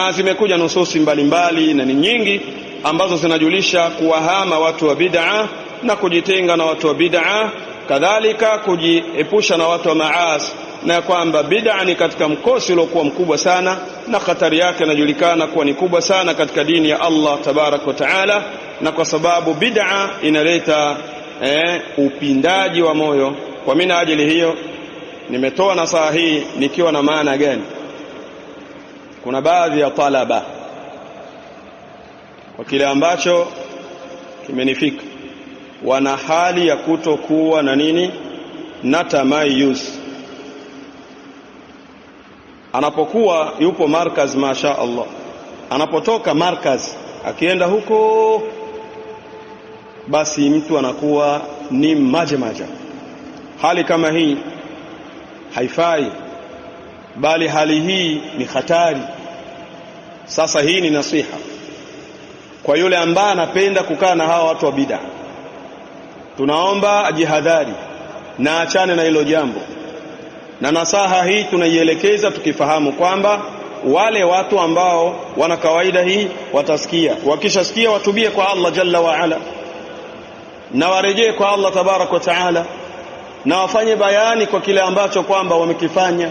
Na ah, zimekuja nususi mbalimbali na ni nyingi ambazo zinajulisha kuwahama watu wa bid'a na kujitenga na watu wa bid'a, kadhalika kujiepusha na watu wa maasi, na kwamba bid'a ni katika mkosi uliokuwa mkubwa sana na hatari yake inajulikana kuwa ni kubwa sana katika dini ya Allah tabaraka wa taala, na kwa sababu bid'a inaleta eh, upindaji wa moyo. Kwa ajili hiyo nimetoa nasaha hii nikiwa na maana gani? kuna baadhi ya talaba kwa kile ambacho kimenifika wana hali ya kutokuwa na nini na tamayuz anapokuwa yupo markaz masha Allah anapotoka markaz akienda huko basi mtu anakuwa ni maje maja hali kama hii haifai bali hali hii ni hatari sasa hii ni nasiha kwa yule ambaye anapenda kukaa na hawa watu wa bid'a, tunaomba ajihadhari na achane na hilo jambo, na nasaha hii tunaielekeza tukifahamu kwamba wale watu ambao wana kawaida hii watasikia, wakishasikia watubie kwa Allah jalla waala, na warejee kwa Allah tabaraka wa taala, na wafanye bayani kwa kile ambacho kwamba wamekifanya.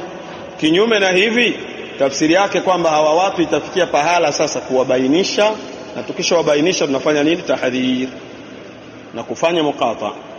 Kinyume na hivi Tafsiri yake kwamba hawa watu itafikia pahala sasa kuwabainisha, na tukishawabainisha tunafanya nini? tahadhir na kufanya muqata